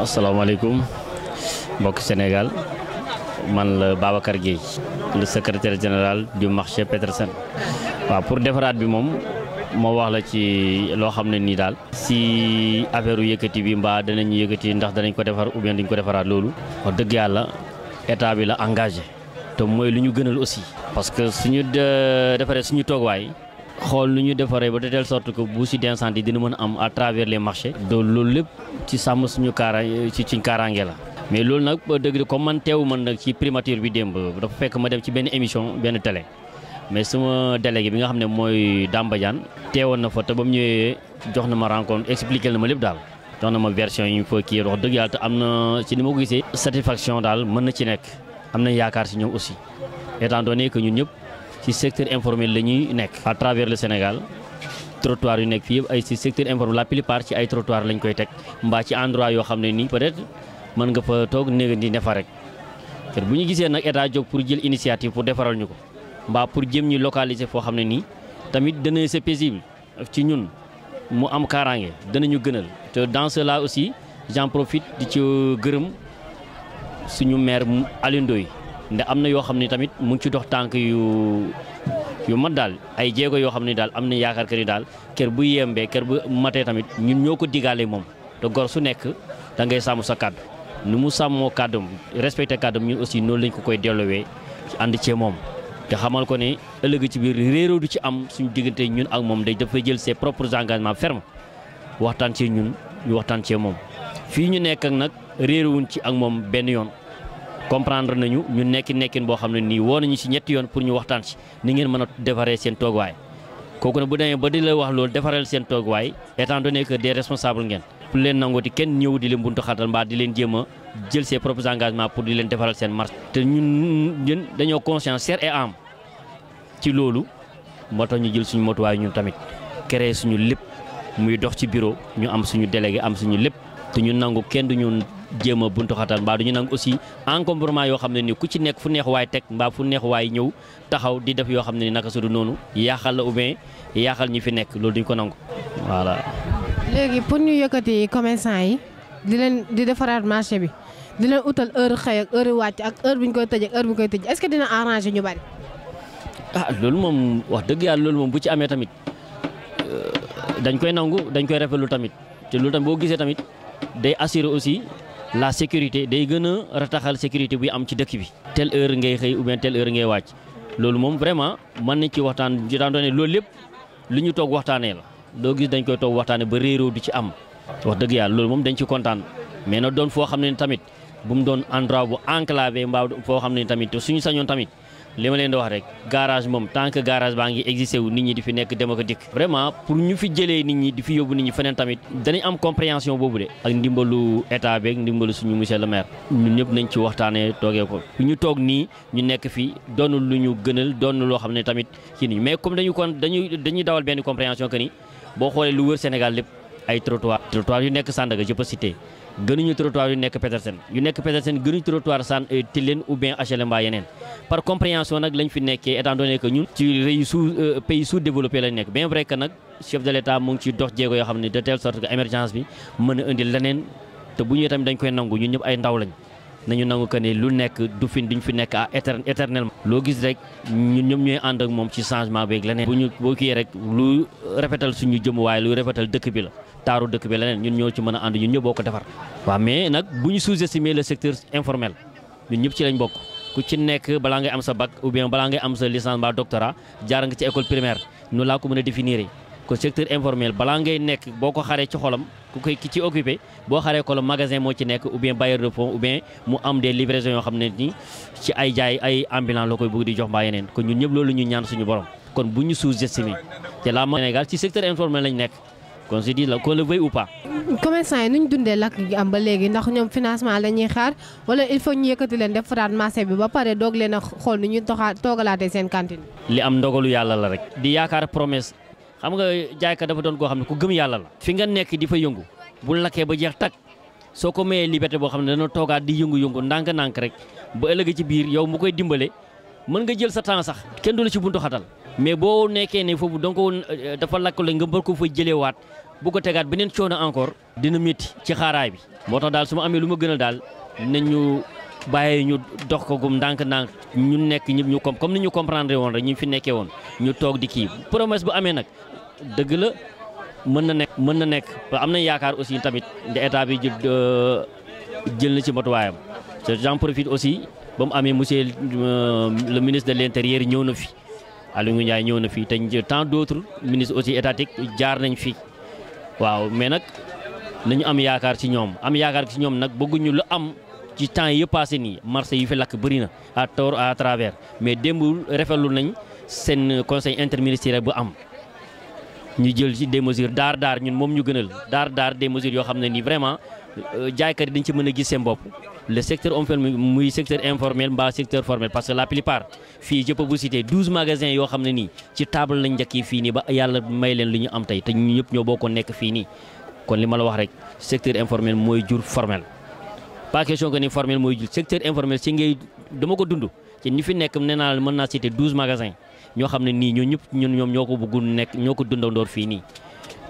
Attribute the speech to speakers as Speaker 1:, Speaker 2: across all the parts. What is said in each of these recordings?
Speaker 1: asalaamaaleykum mbokki Sénégal man la Babacar Guèye le secrétaire général du marché Petersen waaw pour defaraat bi moom moo wax la ci loo xam ne nii daal si affaire yëkkati bi mbaa danañ yëkkati ndax danañ ko defar oubien bien dañ ko defaraat loolu wax dëgg yàlla état bi la engagé te mooy lu ñu gënal aussi. parce que suñu defaree suñu toogwaay xool lu ñu defaree ba de telle sorte que bu si d'incendie dina mën a am à travers les marchés. donc loolu lépp ci sàmm suñu ci ci kaaraange la. mais loolu nag dëgg de comme man teewu man nag ci primature bi démb dafa fekk ma dem ci benn émission benn télé mais sama délégué bi nga xam ne mooy Damba Diane teewoon na fa te ba mu ñëwee jox na ma rencontre expliqué na ma lépp daal. jox na ma version yi ñu fa kii wax dëgg yàlla te am na daal mën na ci nekk. am nañ yaakaar si ñoom aussi étant donné que ñun ñëpp si secteur informel la nekk. à le Sénégal trottoir yu nekk fii yëpp ay si secteur informel la plupart ci ay trottoir lañ koy teg mbaa ci endroit yoo xam ne nii peut mën nga fa toog néega di defar rek te bu ñu gisee nag état jóg pour jël initiative pour defaral ñu ko mbaa pour jëm ñu localiser foo xam ne nii tamit dana sa paisible ci ñun mu am kaaraange danañu gënal te dans cela aussi suñu maire Alioune Ndoye ndax am na yoo xam ne tamit mu ngi ci dox tànk yu yu mat daal ay jéego yoo xam ne daal am na yaakaar que ni daal kër bu yembee kër bu matee tamit ñun ñoo ko digaale moom te gor su nekk da ngay sàmm sa kàddu nu mu sàmmoo kàddum respecté kàddum ñun aussi noonu lañ ko koy delloowee ànd cee moom te xamal ko ne ëllëg ci biir réeróo du ci am suñu diggante ñun ak moom day dafay jël ses propres engagements ferm waxtaan cee ñun ñu waxtaan cee moom fii ñu ci ak moom benn yoon comprendre nañu ñu nekki nekkin boo xam ne nii woo nañu ci ñetti yoon pour ñu waxtaan ci ni ngeen mën a defaree seen tooguwaay kooku ne bu demee ba di la wax loolu defareel seen tooguwaay étant donné que des responsables ngeen pour leen nangooti kenn ñëw di leen buntu xatal mbaa di leen jéem a jël ses propres engagements pour di leen defaral seen marché. te ñun ñun dañoo conscience chair et ci loolu moo tax ñu jël suñu motuwaay ñun tamit créé suñu lépp muy dox ci bureau ñu am suñu délégué am suñu lépp jéem a buntu xatal mbaa du ñu nangu aussi encombrement yoo xam ne ni ku ci nekk fu neex waay teg mbaa fu neex waay ñëw taxaw di def yoo xam ne ni naka su du noonu yaaxal la ou bien yaaxal ñi fi nekk loolu duñ ko nangu voilà. léegi pour ñu yëkkati commerçant yi di leen di defaraat marché bi di leen utal heure xëy ak heure wàcc ak heure bu ñu koy tëj ak heure bu ñu koy tëj est-ce que dina arranger ñu bari. ah loolu moom wax dëgg yàlla loolu moom bu ci amee tamit euh, dañ koy nangu dañ koy rafetlu tamit te loolu tamit boo gisee tamit day assurer aussi. la sécurité day gën a rataxal sécurité buy am ci dëkk bi. tel heure ngay xëy ou bien telle heure ngay wàcc loolu moom vraiment mën nañ ci waxtaan jotaan doone loolu lépp lu ñu toog waxtaanee la doo gis dañ koy toog waxtaanee ba réeróo du ci am. wax dëgg yàlla loolu moom dañ ci kontaan mais na doon foo xam ne tamit bu mu doon endroit bu enclavé mbaa foo xam ne tamit suñu sañoon tamit. li ma leen di wax rek garage moom tant que garage baa ngi existé wu nit ñi di fi nekk dem ak dikk vraiment pour ñu fi jëlee nit ñi di fi yóbbu nit ñi feneen tamit danañ am compréhension boobu de ak ndimbalu état beeg ndimbalu suñu monsieur le maire ñun ñëpp nañ ci waxtaanee toogee ko ñu toog nii ñu nekk fi doonul lu ñu gënal donn loo xam ne tamit kii nii mais comme dañu kon dañuy dañuy dawal benn compréhension que ni boo xoolee lu wër Sénégal lépp ay trottoir trottoir yu nekk Sandaga je gënuñu trottoir yu nekk Petersen yu nekk Petersen gënuñu trottoir Sane euh, Tilène ou bien HLM yeneen par compréhension nag lañ fi nekkee étant ñun ci réew sous euh, pays sous-développé nekk bien vrai nag chef de l'État mu ngi dox jéego yoo xam ne de telle sorte que émergence bi mën a indi leneen te bu ñu tamit dañ koy nangu ñun ñëpp ay ndaw lañ nañu nangu que ni lu nekk du fi duñ fi nekk à éternellement loo gis rek ñun ñoom ñooy ànd ak moom ci changement beeg leneen bu ñu boo kiyee rek lu rafetal suñu jëm waaye lu rafetal dëkk bi la taaru dëkk bi leneen ñun ñoo ci mën a ànd ñu ñëpp ko defar waaw mais nag bu ñu sous-estimer le secteur informel ñun ñëpp ci lañ bokk ku ci nekk balaa ngay am sa bag ou bien balaa ngay am sa licence mbaa doctorat jaar nga ci école primaire noonu laa ko mën a définir ko secteur informel balaa ngay nekk boo ko xaree ci xolam ku koy ki ci occupé boo xaree xolam magasin moo ci nekk ou bien bailleur de mu am des livraisons yoo xam ne ni ci ay jaay ay ambulance la koy bëgg di jox mbaa yeneen kon ñun ñëpp loolu ñu ñaan suñu borom kon bu ñu sous-estimé te la Sénégal ci secteur informel lañ nekk kon si di la qu'on le veuille ou pas. yi nu ñu dundee lakk gi am ba léegi ndax ñoom financement la ñuy bi ba a xool nu ñuy toxaat la xam nga jaaykat dafa doon koo xam ne ku gëm yàlla la. fi nga nekk di fa yëngu bu lakkee ba jeex tag soo ko mayee liberté boo xam ne dana toogaat di yëngu-yëngu ndànk-ndànk rek ba ëllëg ci biir yow mu koy dimbale mën nga jël sa temps sax kenn du la ci buntu xatal mais boo nekkee ne foofu donc dafa lakk lakkale nga mbar ko fa jëlewaat bu ko tegaat beneen coono encore dina métti ci xaaraay bi moo tax daal su ma amee lu ma gënal daal nañu bàyyi ñu dox ko gum ndànk-ndànk ñu nekk ñëpp ñu comme comme ni ñu comprendre woon rek ñu fi nekkee woon ñu toog di kii promesse bu amee nag dëgg la mën na nekk mën na nekk am nañ yaakaar aussi tamit de état bi euh, jël na ci matuwaayam te j'en profit aussi ba mu amee monsieur euh, le ministre de l'intérieur ñëw na fi Aliou Ndiaye ñëw na fi te tant d'autres ministres aussi étatiques jaar nañ fi waaw mais nag nañu am yaakaar ci ñoom am yaakaar ci ñoom nag bëgguñu lu am. ci temps yi yëpp passé nii marché yi fi lakk bëri na à tort à travers mais démb rafetlu nañ seen conseil interministériel bu am. ñu jël ci des daar daar ñun moom ñu gënal daar daar des yoo xam ne nii vraiment euh, jaaykat yi ci mën a gis seen bopp le secteur informel muy secteur informel mbaa secteur formel parce que la plupart fii jëpp bu cité douze magasins yoo xam ne nii ci table lañ njëkk yi fii nii ba yàlla may leen li ñu am tey te ñu ñëpp pas question que ni formel mooy jul secteur informel si ngay dama ko dund ci ñi fi nekk nee mën naa citer douze ñoo xam ne nii ñoo ñëpp ñun ñoom ñoo ko bëggu nekk ñoo ko dundandoor fii nii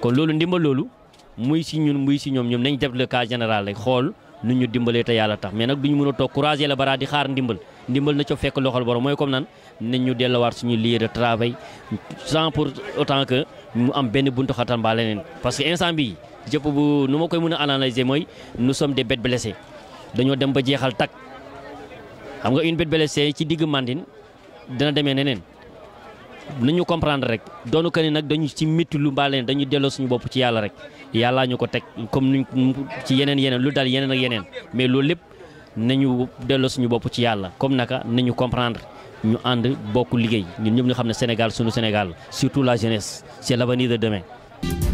Speaker 1: kon loolu ndimbal loolu muy si ñun muy si ñoom ñoom nañ def le cas général rek xool nu ñu dimbalee te yàlla tax mais nag ñu mën a toog courage la baraa di xaar ndimbal ndimbal na ca fekk loxol borom mooy comme nan nañ ñu waat suñu lieu de travail pour autant que mu am benn buntu xataan mbaa leneen parce que instant bii jëpp bu nu ma koy mën a analyser mooy nous sommes des dañoo dem ba jeexal takk xam nga une bête blessée ci digg Mandine dina demee neneen nañu comprendre rek doonu ko ni nag dañu ci métti lu mbaa leen dañu delloo suñu bopp ci yàlla rek yàllaa ñu ko teg comme nuñ ci yeneen yeneen lu dal yeneen ak yeneen mais loolu lépp nañu delloo suñu bopp ci yàlla comme naka nañu comprendre ñu ànd bokk liggéey ñun ñëpp ñu xam ne Sénégal suñu Sénégal surtout la jeunesse c'est l'avenir de demain